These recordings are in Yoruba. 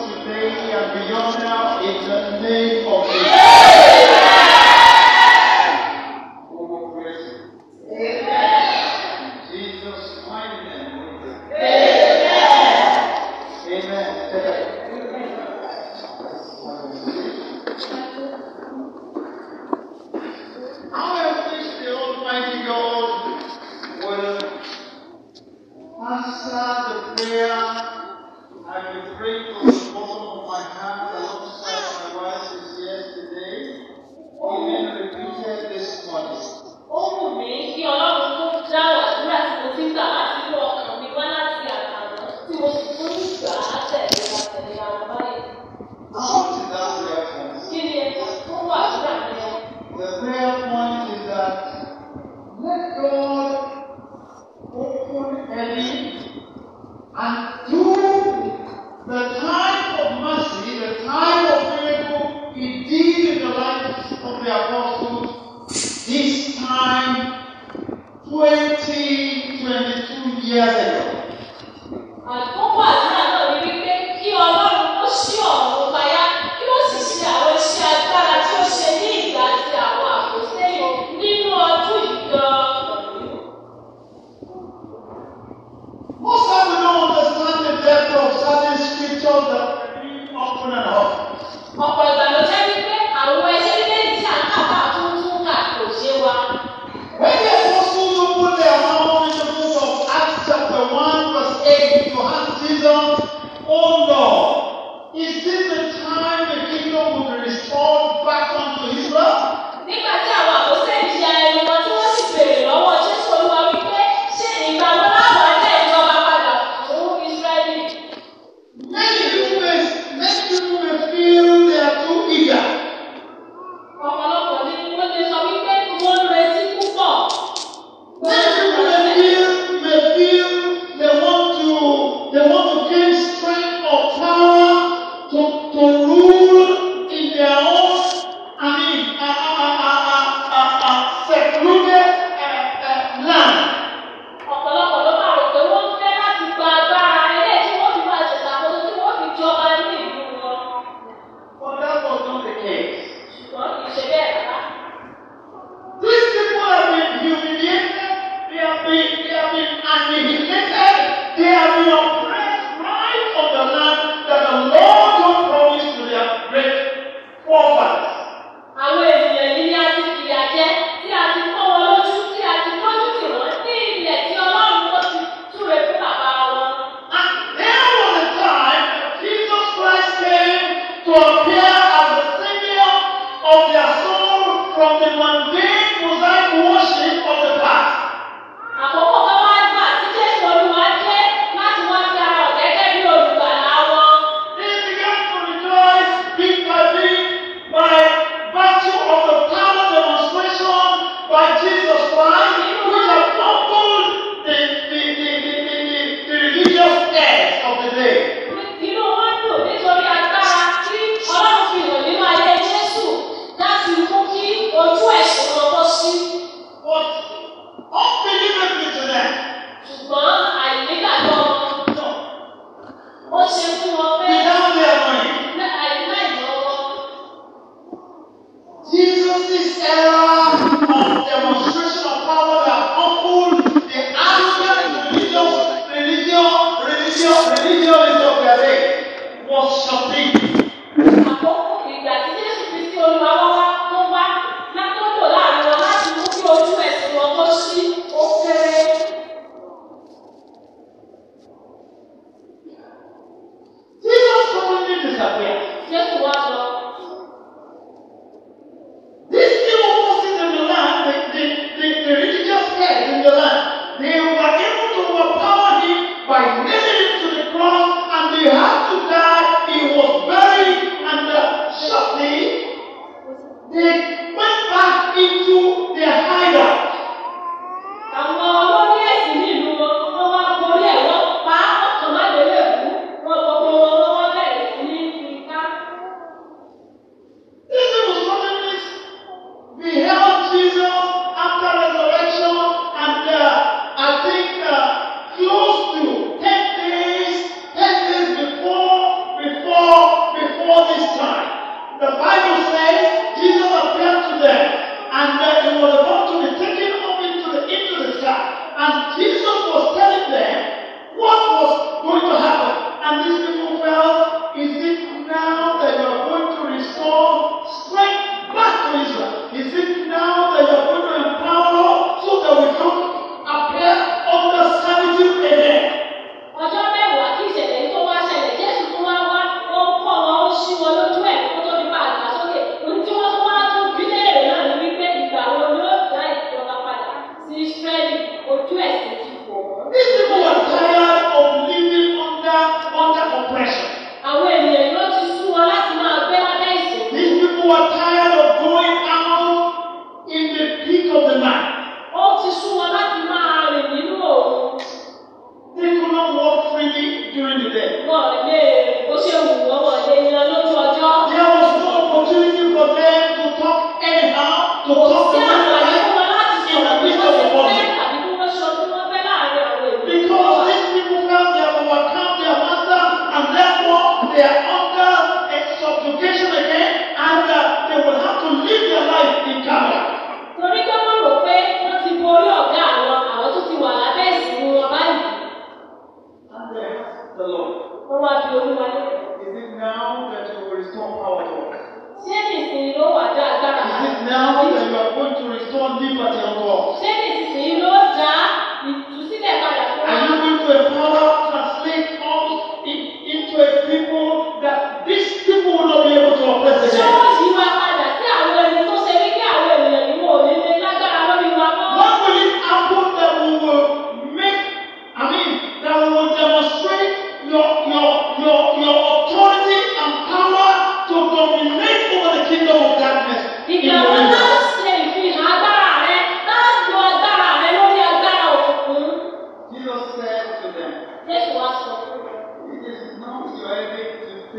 to pray and beyond now in the name of Jesus.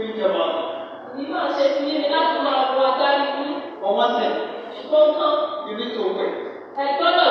think about it. Ìgbà ṣe ti yé mi láti máa wọ agbárí yín. For one thing. Ṣùgbọ́n kan. You need Ẹ̀gbọ́n náà.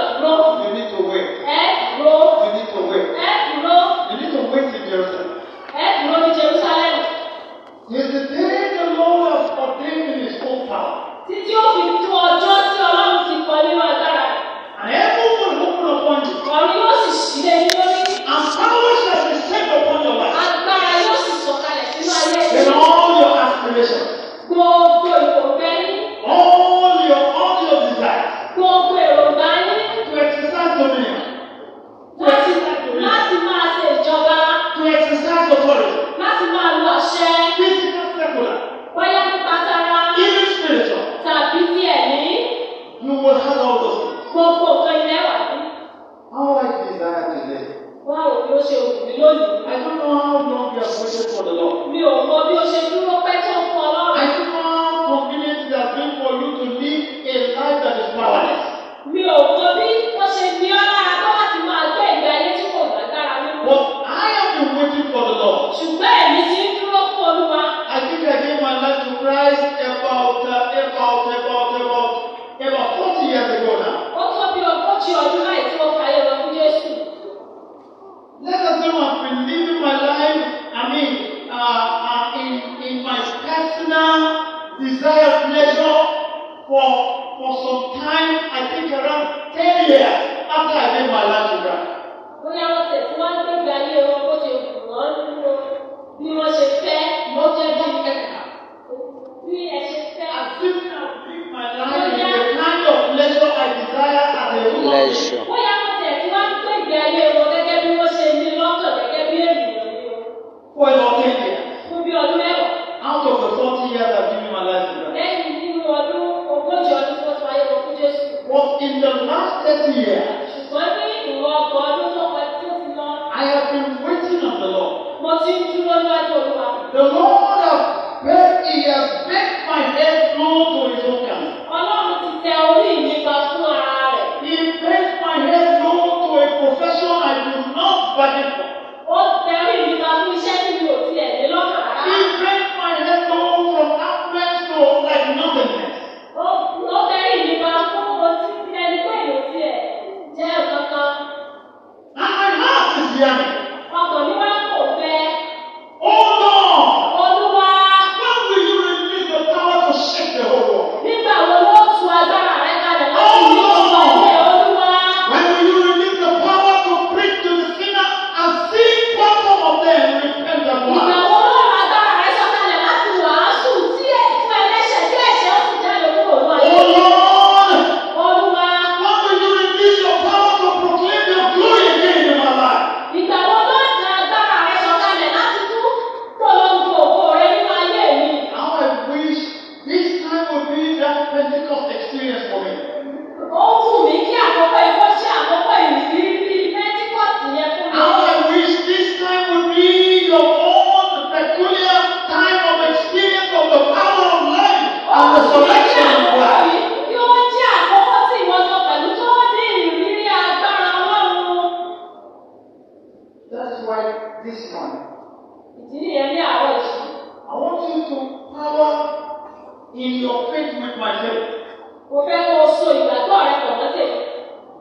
Eso.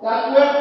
dafür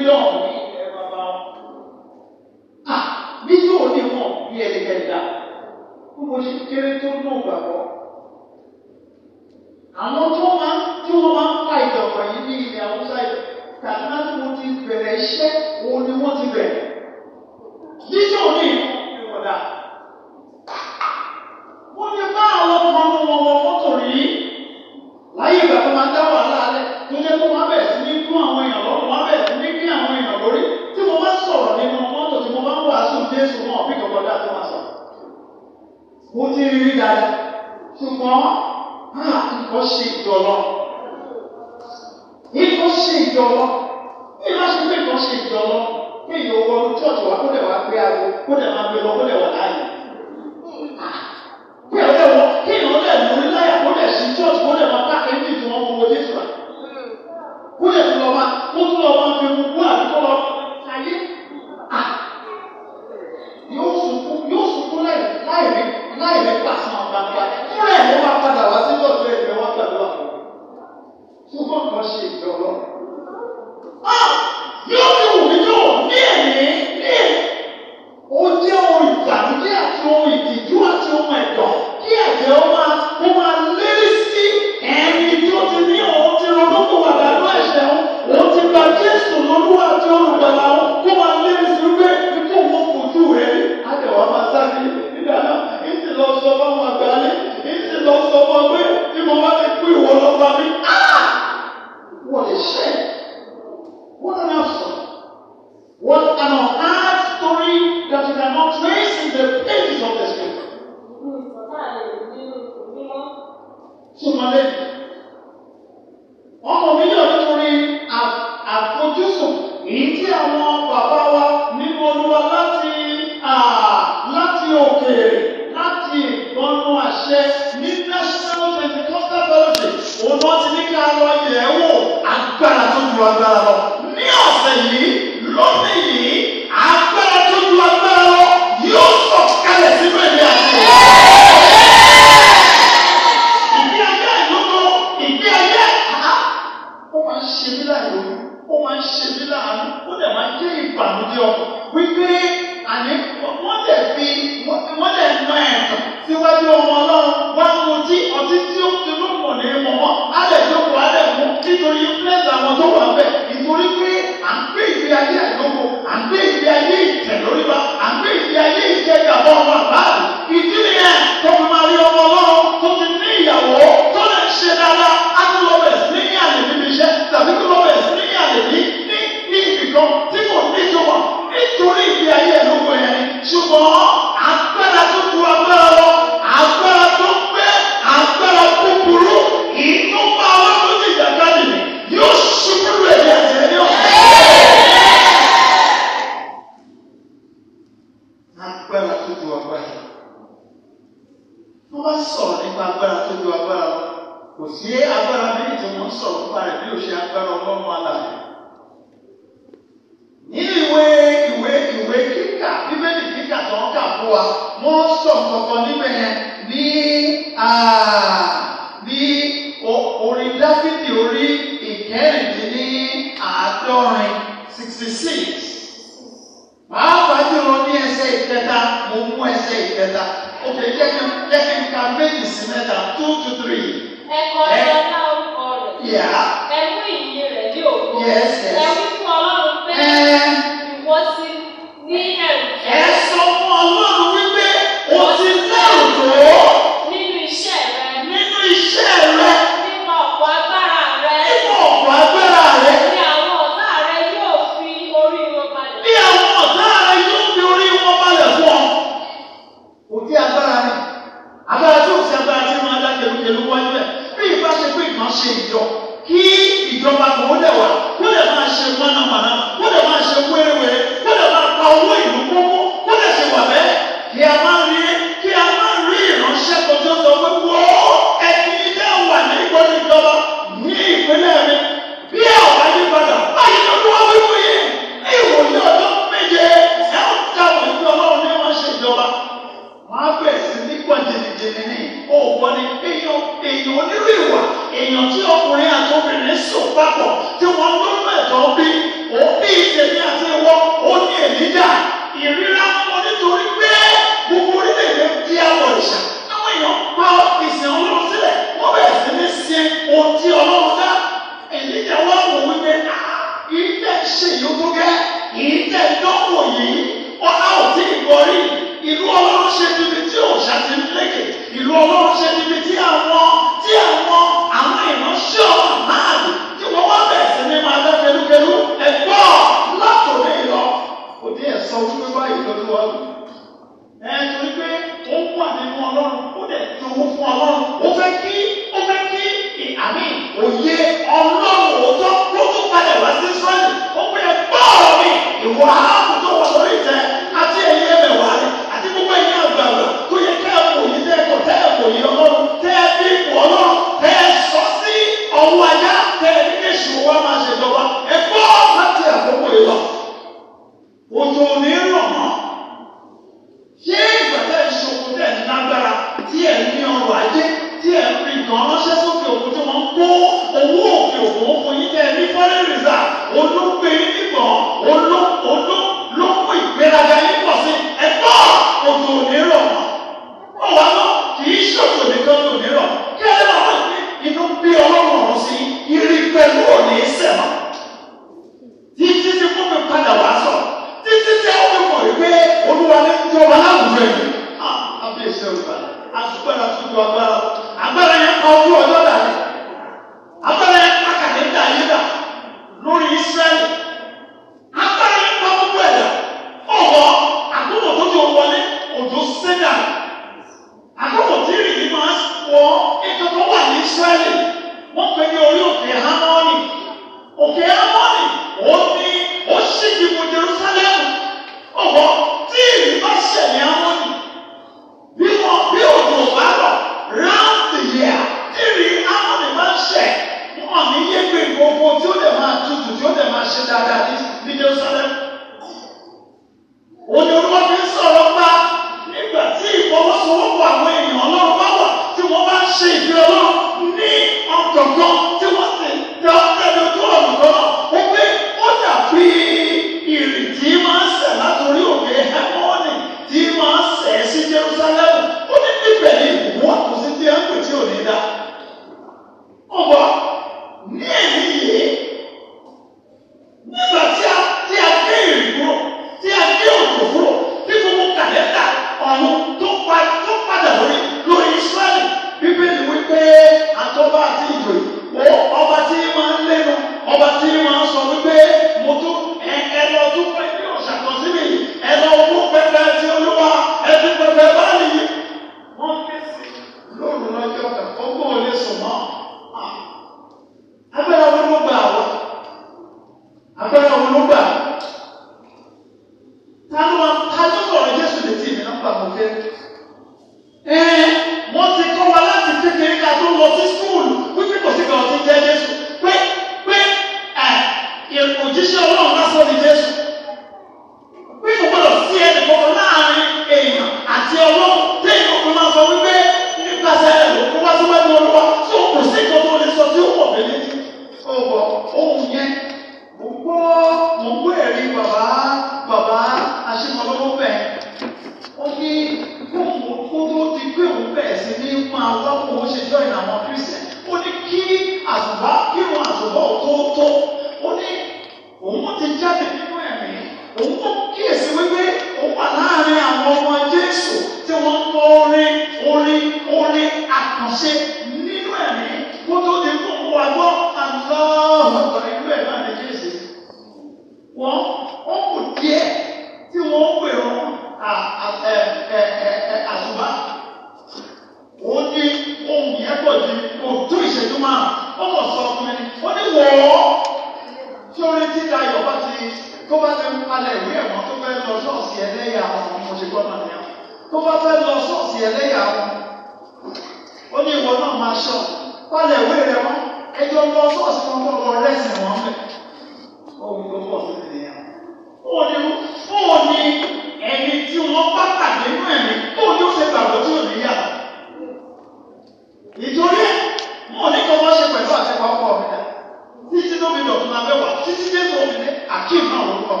lọ.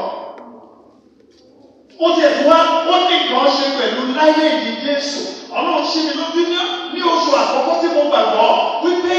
Ó ti ẹ̀sùn wá, ó ní nǹkan ṣe pẹ̀lú láyé ìdí Jésù. Ọlọ́run ṣí mi lójú ní oṣù àkọ́kọ́ tí mo gbàgbọ́ wípé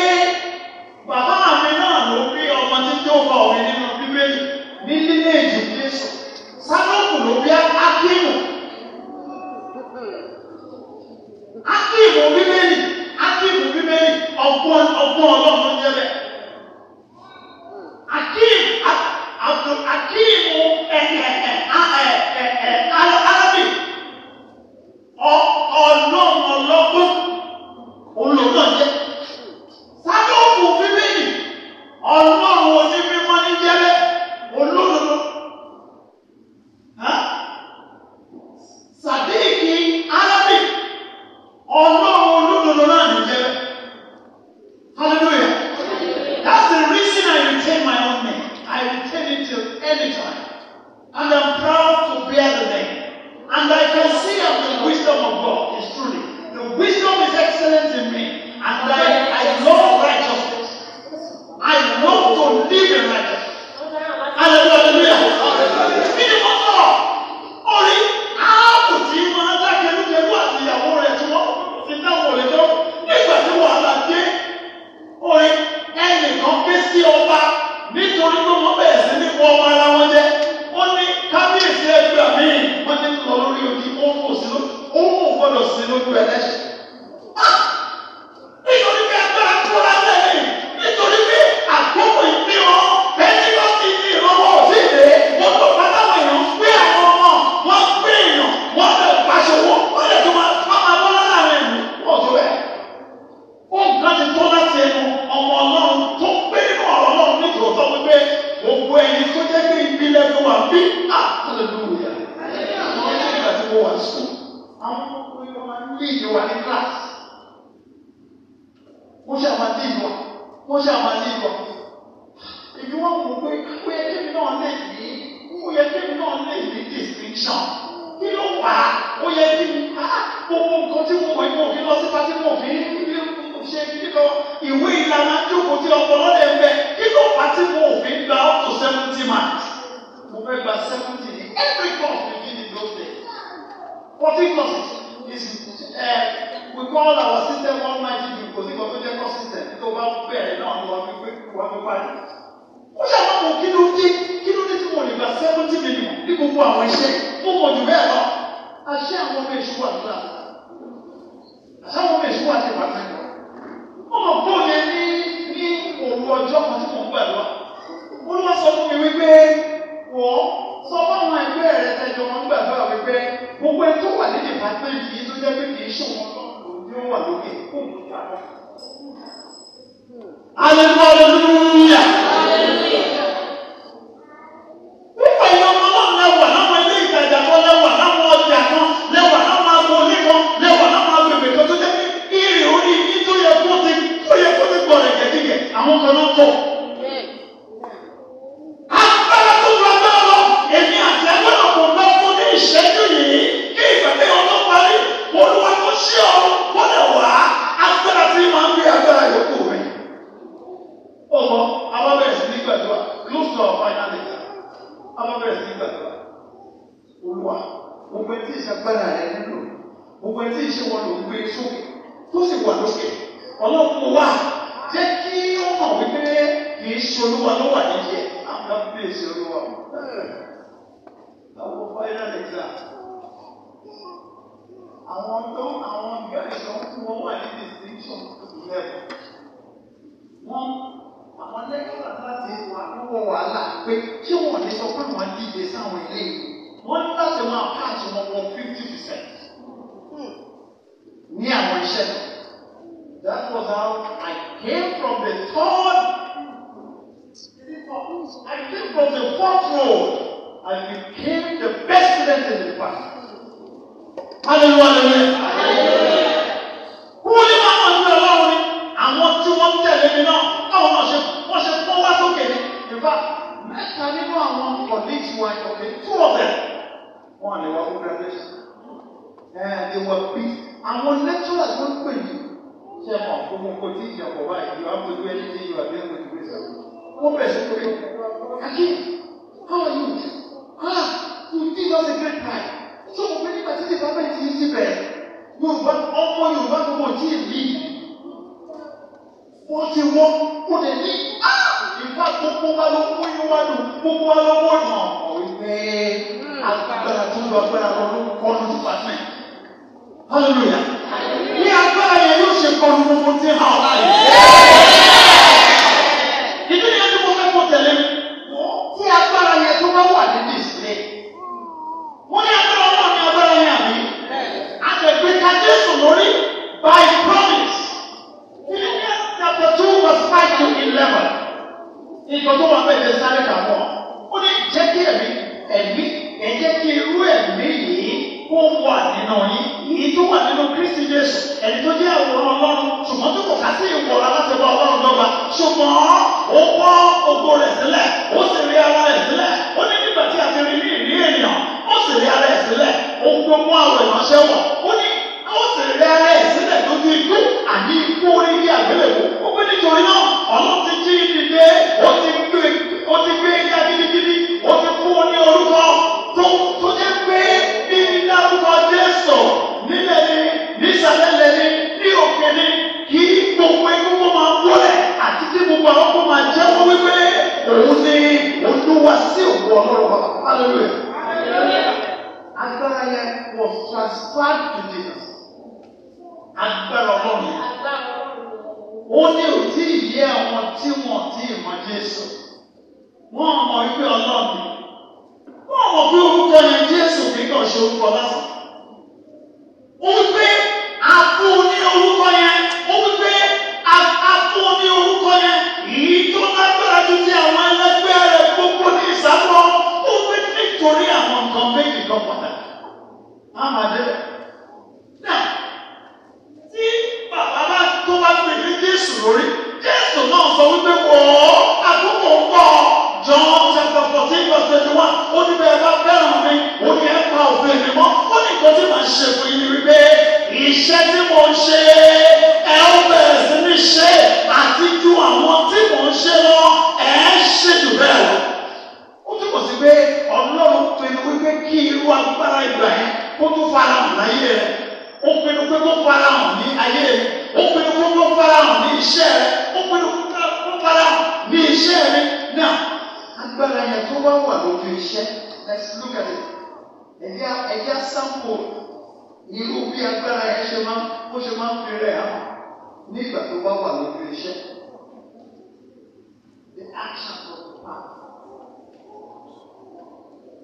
actions of the past.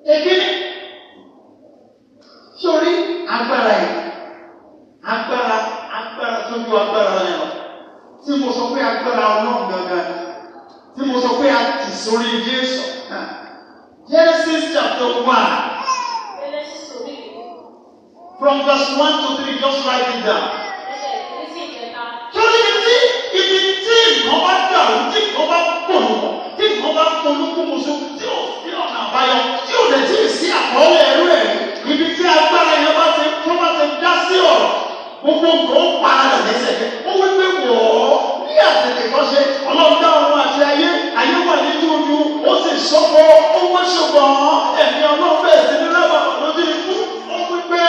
Again, sórí agbára yìí, agbára agbára tó ju agbára yẹn lọ, tí mo sọ pé agbára ọlọ́run gangan, tí mo sọ pé a tì sórí Jésù. Genesis chapter one. From verse one to three, just write it down. Sórí ti ibi tí nǹkan bá dàrú tí nǹkan bá gbòòrò tí nǹkan bá polúkú musu tí ò fi ọ̀nà àbáyọ tí ò lè tí ì sí àkọọ́lẹ̀ ẹrú ẹ̀ ibi tí agbára yẹn bá ti tó bá ti dá sí ọ̀rọ̀ gbogbo nǹkan ó parada lẹ́sẹ̀ ó wí pé wọ̀ ọ́ ní àtẹ̀tẹ̀ kan ṣe ọlọ́run dá ọmọ àti ayé ayé wà ní dúdú ó sì sọ́kọ́ ó wọ́n ṣùgbọ́n ẹ̀mí ọlọ́run bẹ̀rẹ̀ sí ní lábàá lójú ikú ó wí pé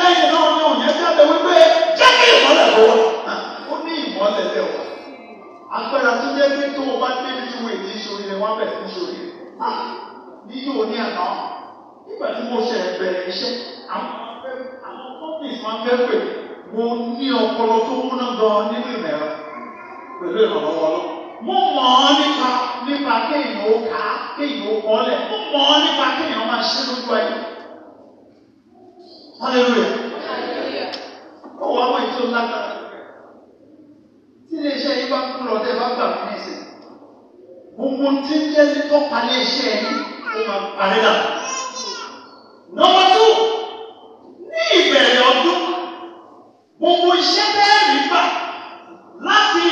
lẹ́yìn náà ni òun yẹn jáde wí pé jẹ́ kí ìmọ̀lẹ̀ kó wọ́n agbára tó jẹ́ pé tó o bá débi tí wọ́n èdè ìṣòro rẹ̀ wọ́n bẹ̀rẹ̀ fún ìṣòro rẹ̀ ah, ní yóò ní àná nígbà tí mo ṣe bẹ̀rẹ̀ iṣẹ́ àwọn companies máa ń fẹ́ pè mo ní ọpọlọ tó múná gan nínú ìmọ̀ ẹ̀rọ pẹ̀lú ìrànlọ́wọ́ lọ. mo mọ̀ ọ́ nípa nípa kéèyàn ó kà á kéèyàn ó mo mọ̀ ọ́ nípa kéèyàn máa ṣe lójú ayé. hallelujah. ó wọ àwọn ètò tí iléeṣẹ́ yìí bá kú lọ tẹ́ bá gbà fún ìsìn gbogbo tí ń jẹ́ tọ́pa iléeṣẹ́ yìí ó máa parí náà. nọ́mbà tó ní ìbẹ̀rẹ̀ ọdún gbogbo iṣẹ́ bẹ́ẹ̀ rí gbà láti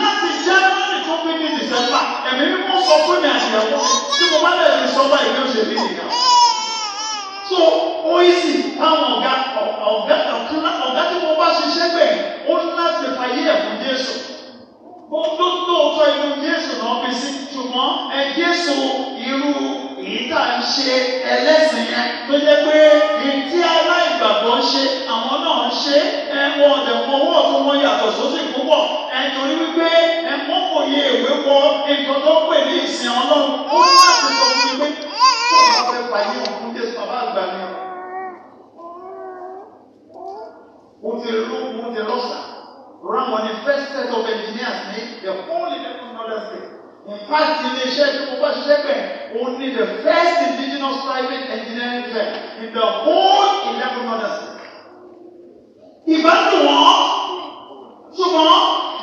láti January tó fi ní December ẹ̀mí ni mo sọ fún mi àtìyàwó tí mo bá lè fi sọ báyìí ní oṣù mi nìyà. so ó yí sí táwọn ọ̀gá ọ̀gá ọ̀gá tí mo bá ṣiṣẹ́ gbẹ̀yìn ó láti fàyè ẹ̀ fún Jésù gbogbo lóòótọ́ irú Jésù náà fi sí ṣùgbọ́n ẹ Jésù irú èyí tá à ń ṣe ẹlẹ́sìn yẹn tó jẹ́ pé ìdí aláìgbàgbọ́ ṣe àwọn náà ń ṣe ẹ wọ ọ̀dẹ̀ fọwọ́ tó wọ́n yàtọ̀ sósì púpọ̀ ẹ torí wípé ẹ mọ́ kò yẹ ìwé wọ nǹkan tó pè ní ìsìn Ọlọ́run ó láti sọ fún mi pé kó o máa fẹ́ fàyè òun fún Jésù bàbá àgbà mi. who Ram was the first set of engineers made, the whole eleven other state. In fact, in Asia, over Shepherd, only the first indigenous private engineering firm in the whole eleven other state. Ìbátan wọn, ṣùgbọ́n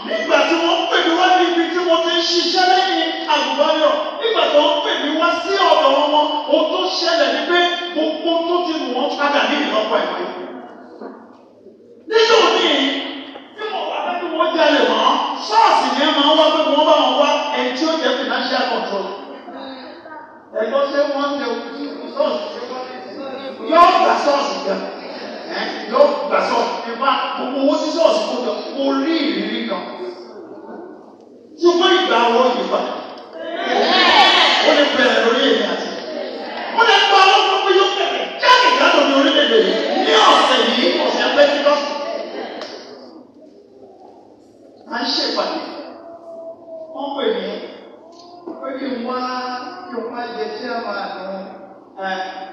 nígbà tí wọ́n pè mí wá ní ibi tí mo ti ń ṣiṣẹ́ lẹ́yìn àgùnbánirọ̀, nígbà tí wọ́n pè mí wá sí ọ̀dọ̀ wọn, ohun tó ṣẹlẹ̀ ni pé gbogbo tó ti wọ́n padà ní ìlọ́pọ̀ ìwé níjọ́ mi tí mo wà lẹ́nu wọ́n jalè mọ́ ṣọ́ọ̀ṣì ni ẹ máa ń wá pé wọ́n bá wọn wá ẹni tí ó jẹ́ financial control ẹ̀gbọ́n ṣé wọ́n ń tẹ ṣọ́ọ̀ṣì yóò gbà ṣọ́ọ̀ṣì gan yóò gbà ṣọ́ọ̀ṣì ẹ máa gbogbo owó sí ṣọ́ọ̀ṣì kó jọ kó rí ìrírí kan ṣùgbọ́n ìgbà àwọn ìgbà ó lè bẹ̀rẹ̀ lórí èmi àti ó lè gba owó fún pé yóò bẹ̀rẹ̀ jáde à ń ṣèpàdé pè mí pé kí n wá kí n wá jẹ sí àwọn àwọn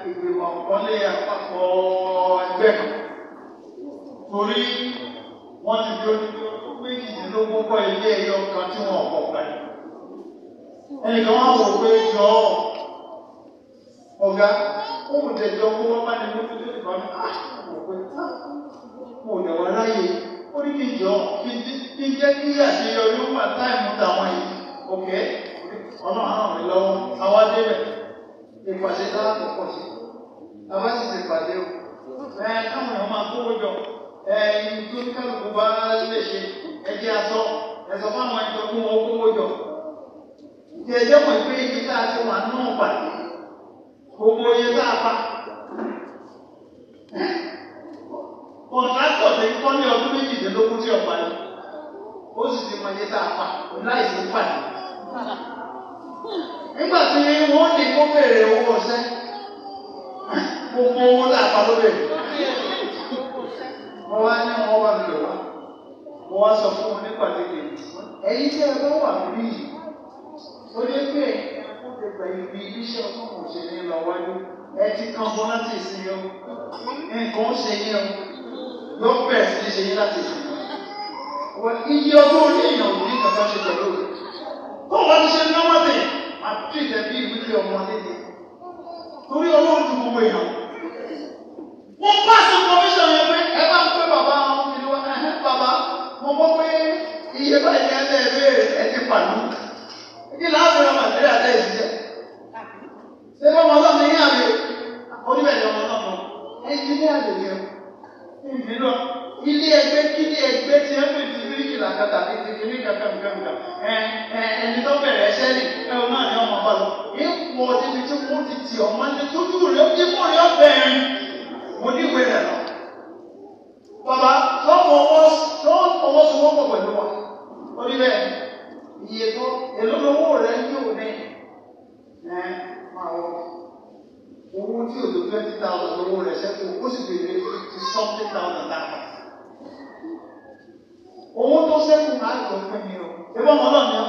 ìgbìmọ̀ ìkọ́lé àpapọ̀ ẹgbẹ́ kan torí wọ́n ti fi ojú méjìdínlógún kọ́ ilé ẹyọ kan tí wọ́n kọ̀ pẹ̀lú. ẹnìkan wọ́n wò pé jọ ọ̀gá òun tẹ̀jọ́ owó wọn bá ní lójú tó ti ní àṣà ah, pé tá òun lè wọ́n ó ní kí ìjọ kí jẹ́ kí àṣeyọrí ó máa táìmù tàwọn yìí òkè ọ̀nà àrùn rẹ̀ lọ́wọ́ àwa débẹ̀ ìpàdé dára tó pọ̀ sí àwa sì ti pàdé o ẹ káwọn èèyàn máa kówó jọ ẹ ní tó ní kálukú bá lè ṣe ẹ jẹ́ aṣọ ẹ sọ fún àwọn wọn kówó jọ ìjẹjẹ mọ̀ pé ibi tá a ti wà náà pàdé gbogbo iye tá a pa kọ̀ǹtrátọ̀ tó ń kọ́ ní ọdún méjìdínlógún tí ọ̀pá ni ó sì ti mọ iye tá láìsí pàdé. nígbà tí wọ́n ní kó bèrè owó ọ̀sẹ́ gbogbo owó làpá ló bèrè. wọ́n wá ní wọ́n wà lóde wá wọ́n wá sọ fún wọn nípa tètè ẹ̀yin tí ẹ bá wà lórí yìí ó dé pé ẹ̀kú ti gbà ibi iṣẹ́ ọkọ̀ òṣèlú lọ wájú ẹ ti kan bọ́lá sí o nǹkan ó ṣe yẹ o ló ń bẹ̀rẹ̀ sí ní ṣe yín láti ìsìn wọn iye ọdún orí èèyàn ò ní kankan ṣe pẹ̀lú rẹ̀ kó wọn ti ṣe náwó dé àti ìtẹ̀bí ìwúlé ọmọdé dé torí ọlọ́run ju gbogbo èèyàn wọ́n pàṣẹ commission yẹn pé ẹ bá ń pé bàbá wọn fi lọ ẹhẹ́ bàbá mo mọ̀ pé iye báyìí ní ẹlẹ́ ẹ̀rẹ́ ẹ ti pàdú kí láàbù ọmọ nàìjíríà dẹ́ ìṣiṣẹ́ ṣé bọ́mọ ọlọ́run ní yàrá oníbẹ̀rẹ̀ ọmọ ọlọ́run ẹnjìníà lè yẹ kó mìíràn ilé ẹgbẹ́ kí ilé ẹgbẹ́ tí wọ́n pè ti bíríkì làkàtà ní ti kiri kankan kankan ẹ ẹ ẹni tó bẹ̀rẹ̀ ẹsẹ̀ ní ẹ o náà ní ọmọ bá lọ ipò ọdẹbi tí wọ́n ti tì ọmọ ní tójú rẹ ipò rẹ bẹ̀rẹ̀ mo ní ìwé rẹ lọ. bàbá tó fọwọ́ pẹ̀lú wa orí bẹ́ẹ̀ iye tó èlò lówó rẹ yóò ní ẹ máa wọ owó tí òtò twenty thousand owó rẹ̀ ṣẹ́kù ó sì bèrè ti something thousand naira. owó tó ṣẹ́kù máa ń lọ fún mi o ebí ọmọ náà ni ọ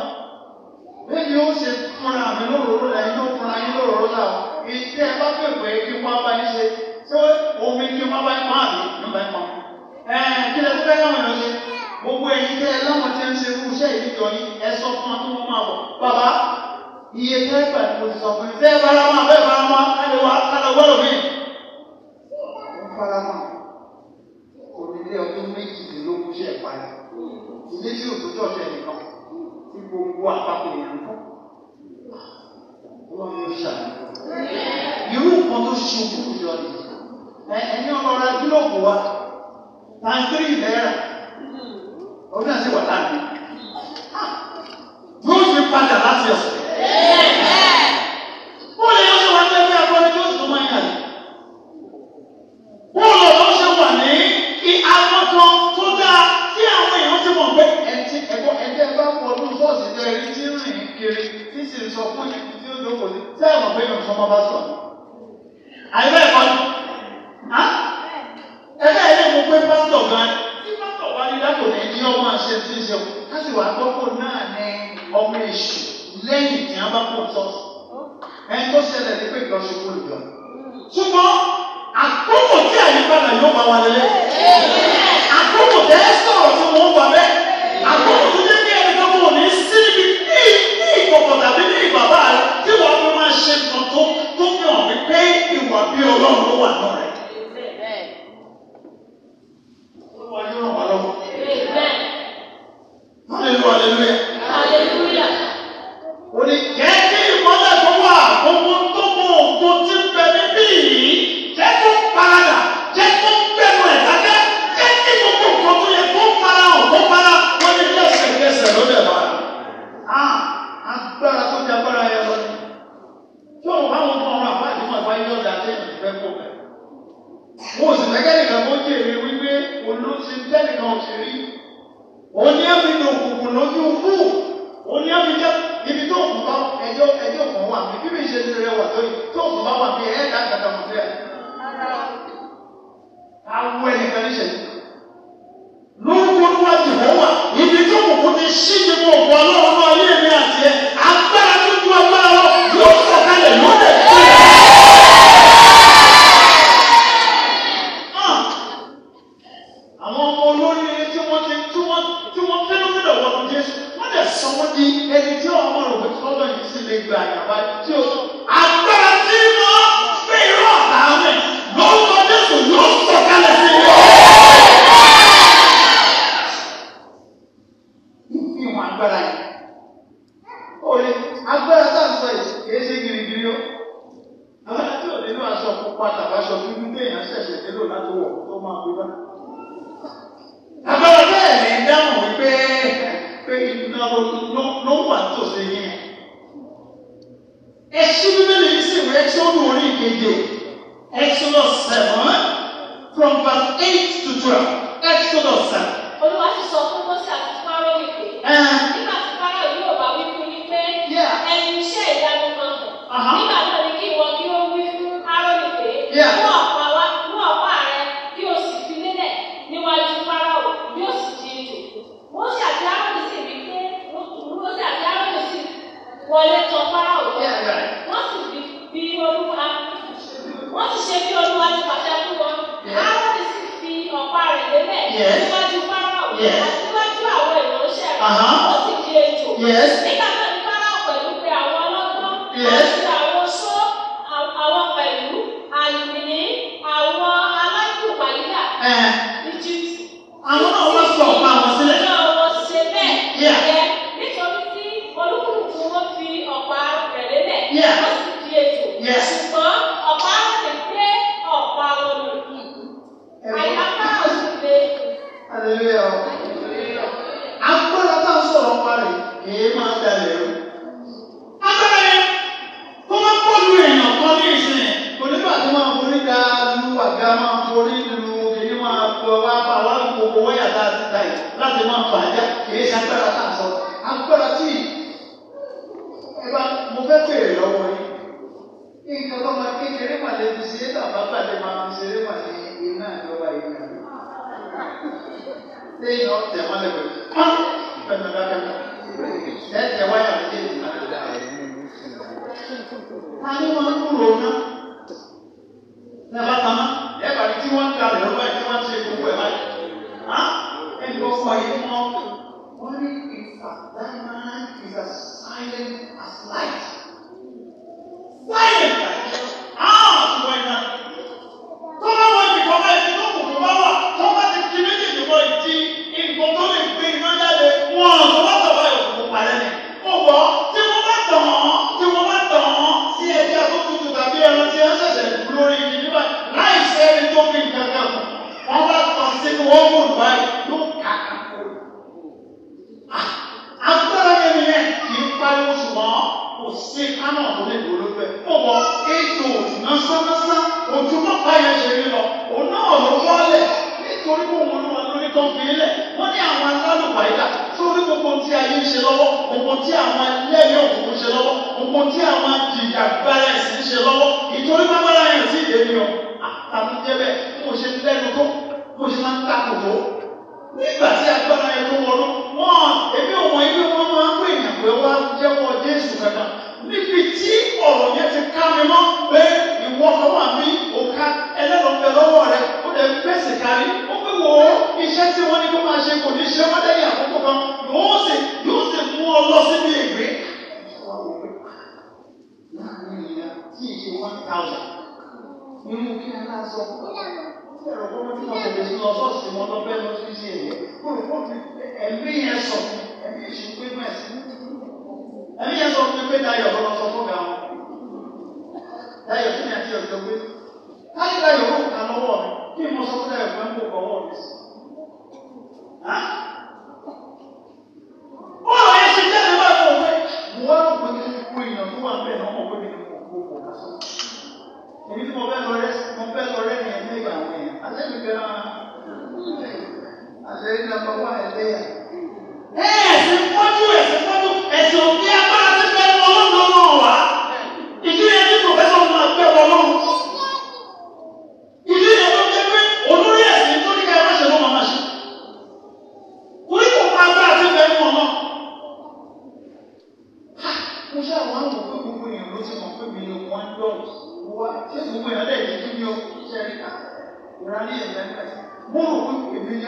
níbi ó ṣe fúnra mi lóróró lẹ́yìn tó fúnra yín lóróró náà ìdí ẹ bá pè pé kí wọ́n bá yín ṣe ṣé omi kí wọ́n bá yín máa rí nígbà yín mọ́. ẹ kí lẹ fẹ́ káwọn èèyàn ṣe gbogbo èyí tẹ́ ẹ láwọn tí ń ṣe irú iṣẹ́ ìdíjọ yín ẹ sọ fún wọn tó wọ́n máa bọ̀ bàbá iye tẹ́gbà ni mo ti sọ fún yín tẹ́ faramọ́ abẹ́ faramọ́ kálí wa kálí ọgbọ́dọ̀ mi. ó faramọ́ onílé ọdún méjìdínlógún ṣe ìpayà ilé tí òtútù ọ̀sẹ̀ nìkan tí gbogbo àpapọ̀ èèyàn kọ́. wọ́n yóò ṣàlùkọ́. irú nǹkan tó ṣubú yọ ni ẹni ọlọ́ra gílọ̀bù wa tàǹkìrì náírà ọdún àti wàtá mi. yóò ṣe padà láti ọ̀sẹ̀. ṣe sọ fún yìí tí ó lóko ní ṣé ẹ mọ̀ pé yóò sọ bàbá sọ. àìbẹ́ ẹ̀kọ́ ni ẹgbẹ́ ilé mo pé pásítọ̀ gan-an tí pásítọ̀ wá ní dákò ní ní ọmọ àṣẹ tí ń ṣeun láti wà gbọ́pọ̀ náà ní ọmọ èṣù lẹ́yìn tí a bá pọ̀ tọ́ ẹni tó ṣẹlẹ̀ ní pé ìgbọ̀nsẹ̀ kò lè jọ. ṣùgbọ́n àkókò tí àyípadà yóò bá wa lẹ́lẹ́ àkókò tẹ́ sọ̀rọ̀ fún wọn wà bẹ́ẹ̀. ìwà bí ọlọ́run ló wà náà rẹ̀. o r g n i z a t i o n mo tí àwọn jìyà gbára ẹ̀sìn ń ṣe lọ́wọ́ ìtorí pápára yẹn ti dé mi ọ àtàwọn jẹ bẹ́ẹ̀ bí mo ṣe ń lẹ́nu tó bó ṣe máa ń takò tó nígbà tí agbára yẹn tó wọnú wọn èmi ò wọ̀nyí bí wọ́n máa ń pè yàn pé wọ́n á jẹ́wọ́ Jésù kankan níbi tí ọ̀rọ̀ yẹn ti ká mi mọ́ pé ìwọ kan wà mí òka ẹlẹ́rọ̀pẹ̀ lọ́wọ́ rẹ ó lè gbèsè kárí ó pé wò ó iṣẹ́ tí wọ́n ní kó máa ṣe kò ní ṣe wọ́n lẹ́yìn àkókò kan yóò sì yóò sì mú ọ lọ síbi ìgbé tí ì one thousand nínú kí ẹ náà sọ ẹ̀rọ kó ló ti máa sí lọ sọ́ọ̀sì wọn lọ lọ sí ṣe ẹ̀yẹ ẹ̀mí yẹn sọ ẹ̀mí yẹn sọ pé mẹ́sì ẹ̀mí yẹn sọ pé dayọ̀ lọ sọ fún ga wọn dayọ̀ kí ni àti ọ̀jọ̀ pé káyọ̀ dayọ̀ ló kà lọ́wọ́ mi kí mo sọ fún dayọ̀ pé mo kọ̀ wọ́ mi Bọ́ọ̀lù yẹn ti jẹ́ ìlú àgbọ̀n pé mo wá lọ́pọ̀ nínú ìwé ìyàn tó wà bẹ́ẹ̀ náà mọ̀ pé èmi tí mo fẹ́ lọ rẹ́ mo fẹ́ lọ rẹ́ ní ẹ̀mí ìgbà àwọn èèyàn alẹ́ mi fẹ́ máa alẹ́ nàbọ̀ wá ẹlẹ́yà. ẹ ẹ̀sìn pọ́jú ẹ̀sìn pọ́jú ẹ̀sìn òbí à.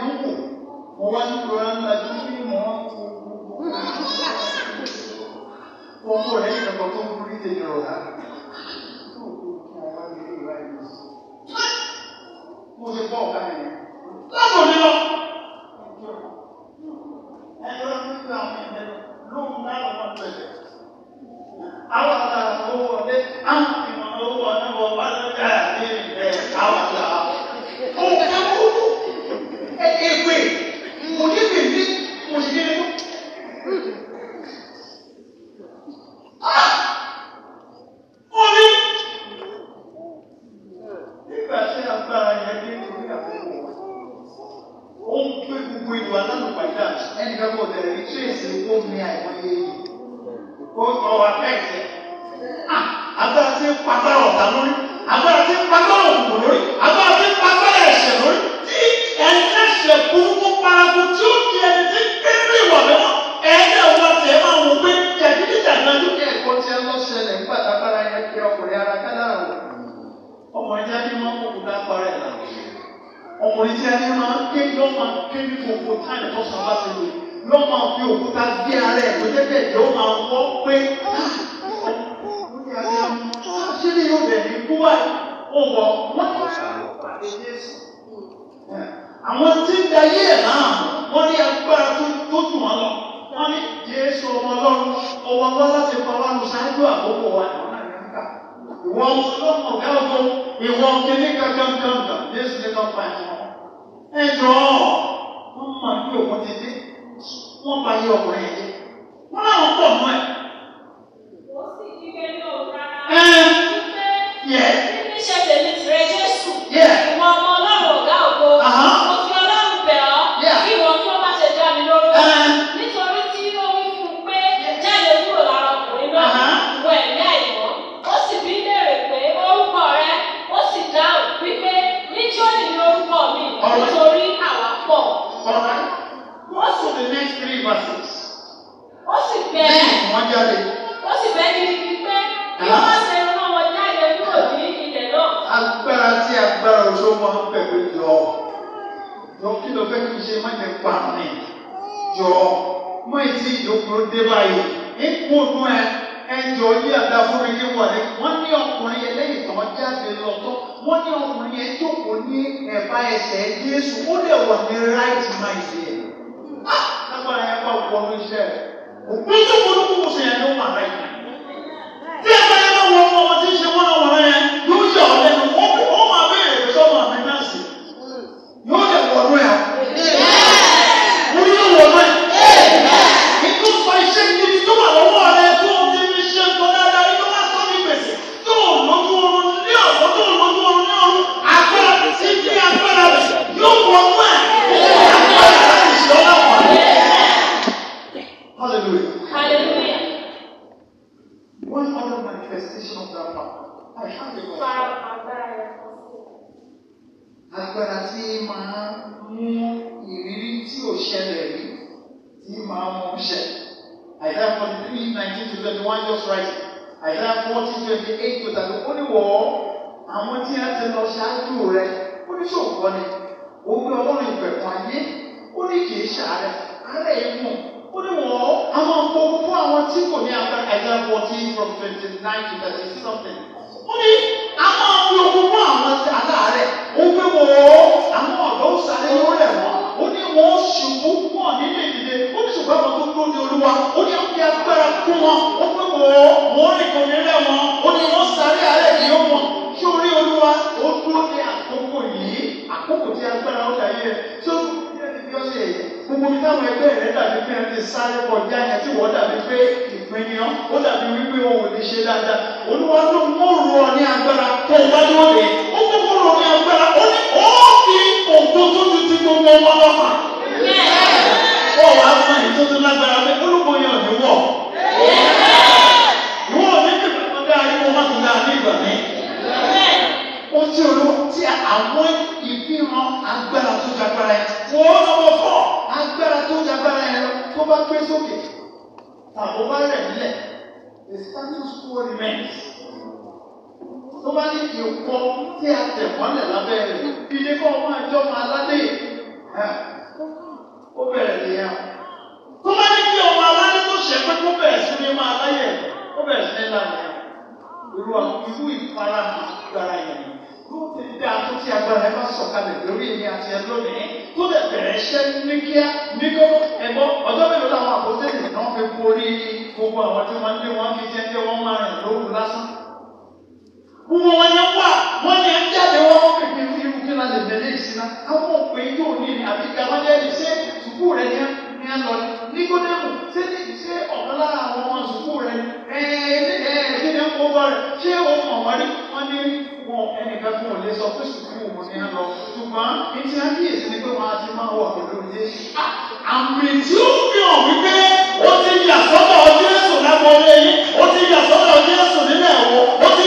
ìyókù mo wá ní kó rán lájú sí mọ́ ọmọ rẹ̀ ìjọba tó ń borí lè yọ̀rọ̀ mo ṣe bọ́ọ̀ká dé báyìí ipò nù ẹ ẹjọ yí àdá fúnrikí wọlé wọn ní ọkùnrin yẹn lẹ́yìn tán jáde lọ́tọ̀ wọn ní ọkùnrin yẹn jókòó ní ẹ̀bá ẹsẹ̀ Jésù ó lè wọ ní right mind yẹn ah! lágbára yẹn bá wọnú iṣẹ́ rẹ̀ òpin tó wọnú kókó sí yẹn ló wà láyé. tí kò ní ẹgbẹ́ fourteen from twenty nine to thirty six something. ó ní àwọn ọmọ ogun fún àwọn aláàárẹ̀ ó pé wò ó àwọn ọ̀dọ́ òṣàlẹ̀ yóò rẹ̀ wọ́n ó ní wọ́n ó ṣubú pọ̀ nínú ìdílé ó ní ṣùgbọ́n àwọn tó dúró ní olúwa ó ní ó fi agbára kún wọn ó pé wò ó wọ́n rìn kò ní rẹ̀ wọ́n ó ní wọ́n sáré àárẹ̀ yìí ó wọ̀n kí orí olúwa ó dúró ní àkókò yìí àkókò tí agbára gbogbo ní táwọn ẹgbẹ́ rẹ dàbí pé ẹ ti sáré kọjá ẹ tí wọ́n dàbí pé ìpínyàn ó dàbí wípé wọn ò lè ṣe dáadáa olúwa ló ń mú òru ọ ní agbára tó ń wájú òde ó gbogbo òru ní agbára ó ní ó fi ògbó tó ti ti gbogbo wọn lọ́fà. ó wà á fún ẹ̀yìn tó tún lágbára pé olúkọ yẹn ò ní wọ̀. ìwọ ò ní bẹ̀rẹ̀ kan dáa yíwọ má tún dáa ní ìgbà mi. ó ti olú tí àwọn ìfihàn agbára tó jagbára yẹn wọ́n lọ́wọ́ agbára tó ń jagbára ẹ̀rọ tó bá gbé sókè tàbó bá rẹ̀ nílẹ̀ the status quo remains. tó bá ní ìkọ́ tí a tẹ̀ mọ́lẹ̀ lábẹ́ rẹ̀ ilé kọ́ máa jọ máa ládé ó bẹ̀rẹ̀ nìyẹn. tó bá ní kí ọmọ aláyé tó ṣẹ̀ pé kó bẹ̀rẹ̀ sí ní máa láyẹ̀ ó bẹ̀rẹ̀ sí ní láyẹ̀ irú ìfarahàn gbára yẹn ló ti dá tó ti agbára ẹ má sọ̀kalẹ̀ lórí èmi àti ẹ lónìí tó lè bẹ̀rẹ̀ iṣẹ́ ní kíá ní kó ẹ̀gbọ́n ọjọ́ mélòó làwọn àpótẹ́lẹ̀ náà fi borí gbogbo àwọn tí wọ́n ń lé wọn kí jẹ́ pé wọ́n máa rìn lóru lásán. Gbogbo wọn yẹn wà wọ́n ní ajáde wọn wọ́n fi fi irú kí la lè bẹ̀rẹ̀ ìsinmi àwọn òpin yóò ní àbí kàmájẹ́lì ṣé sùkúù rẹ̀ ní ẹ lọ ní Níkódémù ṣé ṣé ọ̀kan lára àwọn ọmọ sùkúù rẹ̀ ẹ̀ẹ́dẹ́gbẹ̀ẹ́ kí ni ó kó bọ́ rẹ̀ ṣé ó mọ̀ wọ́n rí wọ́n ní wọn ẹnìkan fún òní sọ pé sùkúrù wọn ní lọ ṣùgbọ́n etí ákíyèsí ni pé wọn á ti máa wà pẹ̀lú òye. Ah, àmì tí ó fi hàn wípé ó ti yà sọ́dọ̀ ọdún èso lábọ́ ọdún yìí ó ti yà sọ́dọ̀ ọdún èso nílẹ̀ ẹ̀wọ̀ ó ti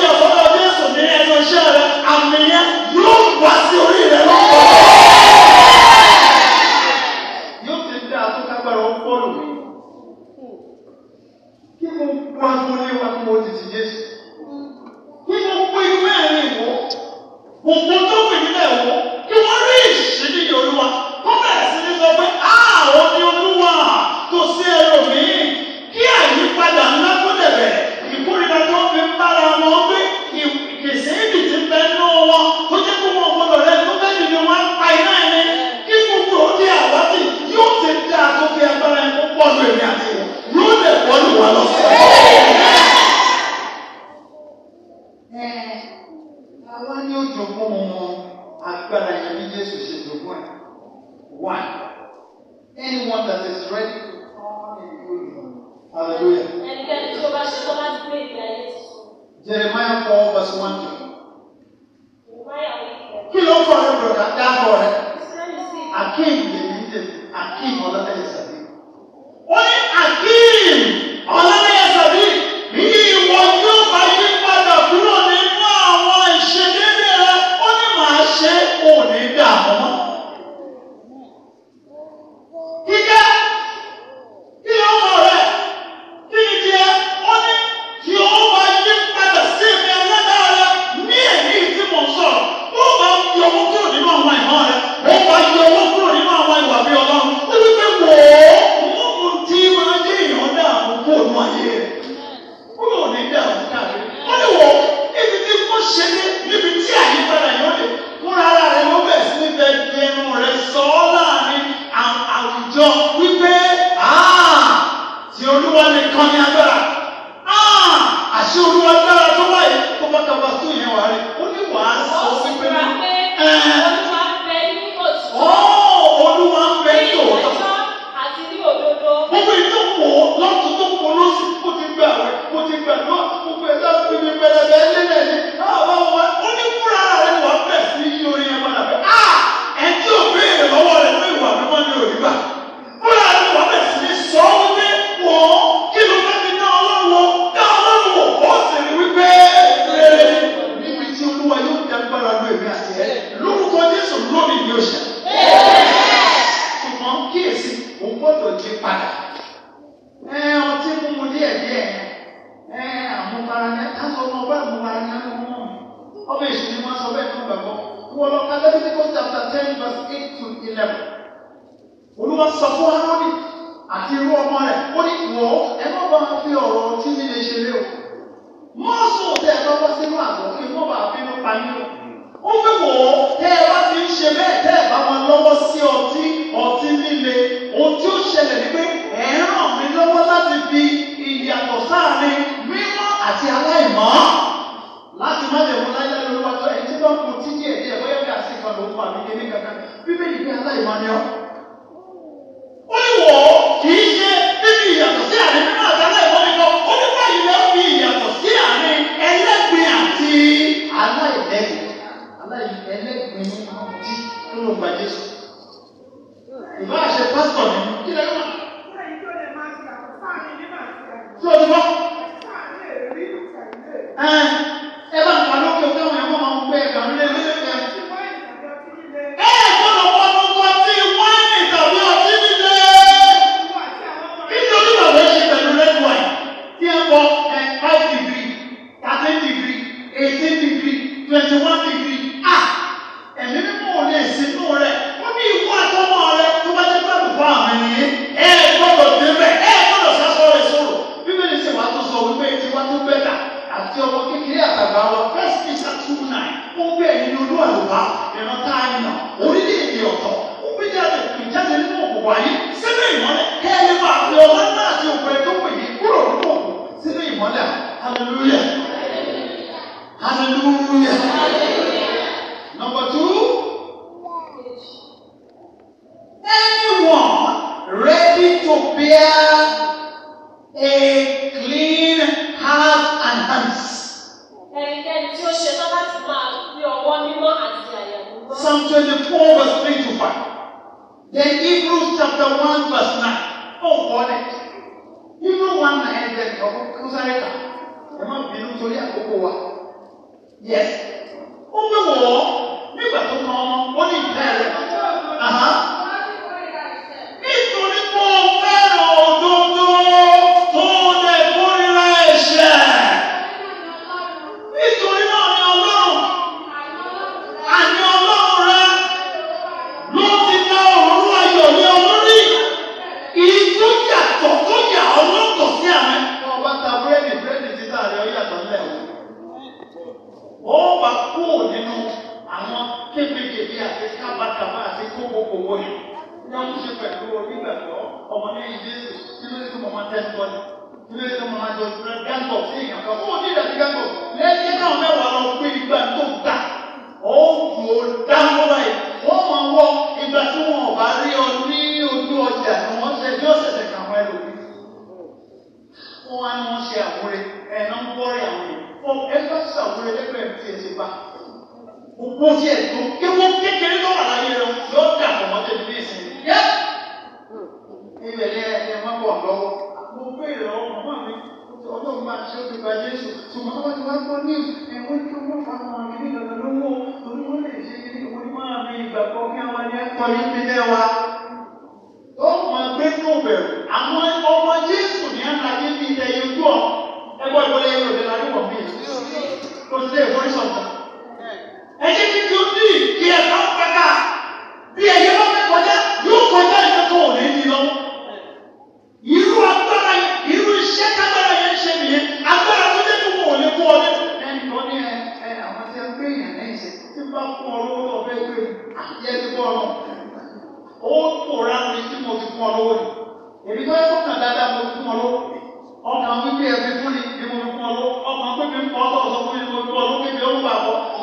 တယ်မမျိုး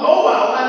no